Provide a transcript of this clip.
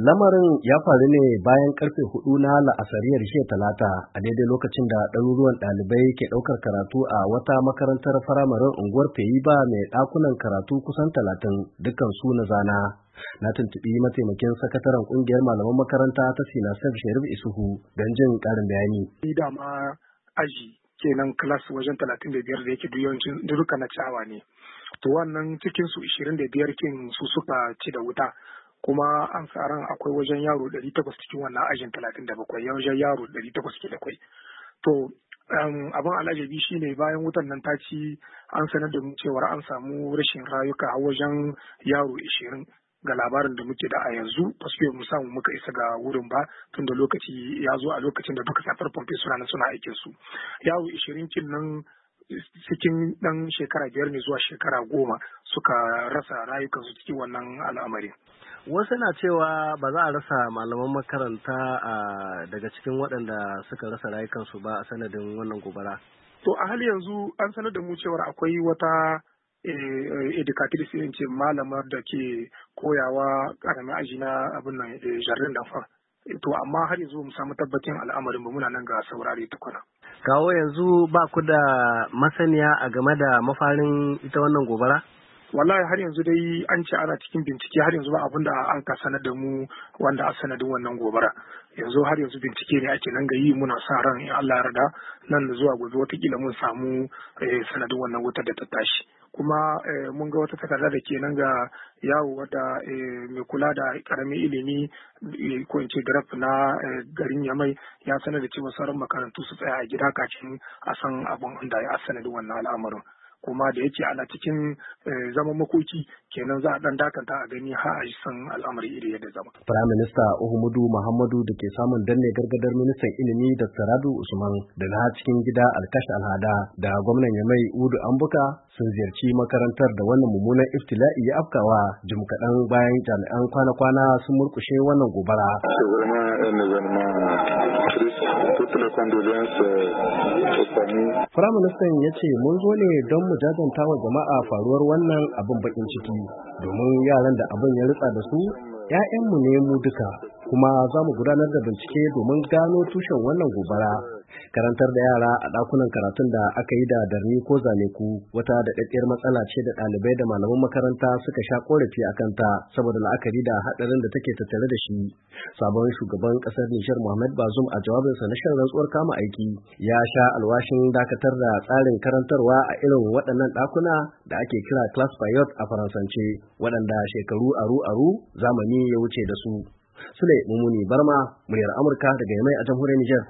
lamarin ya faru ne bayan karfe hudu na la'asariyar jiya talata a daidai lokacin da ɗaruruwan ɗalibai ke ɗaukar karatu a wata makarantar firamaren unguwar ba mai ɗakunan karatu kusan talatin dukkan su na zana na tuntuɓi mataimakin sakataren ƙungiyar malaman makaranta ta sef sharif isuhu don jin ƙarin bayani. aji kenan class wajen talatin da biyar da yake duyawancin duruka na cawa ne to wannan cikin su ishirin da biyar kin su suka ci da wuta kuma an sa ran akwai wajen yaro ɗari takwas cikin wannan ajin talatin da bakwai ya wajen yaro ɗari takwas ke da to um, abin alajabi shi ne bayan wutan nan ta ci an sanar da mu cewar an samu rashin rayuka a wajen yaro ishirin ga labarin da muke da a yanzu ba su mu samu muka isa ga wurin ba tun da lokaci ya zo a lokacin da duka safar pompe suna suna aikin su yaro ishirin kin nan cikin ɗan shekara biyar ne zuwa shekara goma suka rasa rayukansu cikin wannan al'amari. Wasu na cewa ba za a rasa malaman makaranta daga cikin waɗanda suka rasa rayukansu ba a sanadin wannan gobara. To a hali yanzu an sanar da mu cewar akwai wata eh, eh, educatrice ce malamar da ke koyawa ƙaramin aji na abin nan eh, jardin d'enfants to amma har yanzu mu samu tabbacin al'amarin ba muna nan ga saurare tukuna kawo yanzu ba ku da masaniya a game da mafarin ita wannan gobara wallahi har yanzu dai an ce ana cikin bincike har yanzu ba abin da an ka sanar da mu wanda a sanadin wannan gobara yanzu har yanzu bincike ne ake nan ga yi muna sa ran in Allah ya yarda nan zuwa gobe watakila mun samu eh, sanadin wannan wutar da ta tashi kuma eh, mun ga wata takarda da ke nan ga yawo wata eh, mai kula da karamin ilimi eh, ko in ce graf na garin yamai ya sanar da cewa sauran makarantu su tsaya a gida kafin a san abun da ya sanadin wannan al'amarin kuma da yake ana cikin eh, zaman makoki kenan za a dan dakanta a gani har a san al'amari iri yadda zama. Firayim Minista Uhumudu Muhammadu da ke samun danne gargadar ministan ilimi da Saradu Usman da na cikin gida Alkash Alhada da gwamnan Yamai Udu Ambuka sun ziyarci makarantar da wannan mummunan iftila'i ya afkawa jim kaɗan bayan jami'an kwana-kwana sun murkushe wannan gobara. toutes Firaministan ya ce mun zo ne don mu jajanta wa jama'a faruwar wannan abin bakin ciki domin yaran da abin ya ritsa da su ‘ya'yanmu ne mu duka kuma za mu gudanar da bincike domin gano tushen wannan gobara karantar da yara a ɗakunan karatun da aka yi da darni ko zaneku wata da ɗaɗɗiyar matsala ce da ɗalibai da malaman makaranta suka sha ƙorafi a kanta saboda la'akari da haɗarin da take tattare da shi sabon shugaban ƙasar nijar muhammad bazum a jawabinsa na shan rantsuwar kama aiki ya sha alwashin dakatar da tsarin karantarwa a irin waɗannan ɗakuna da ake kira class payot a faransance waɗanda shekaru aru-aru zamani ya wuce da su sule mummuni barma muryar amurka daga yamai a jamhuriyar nijar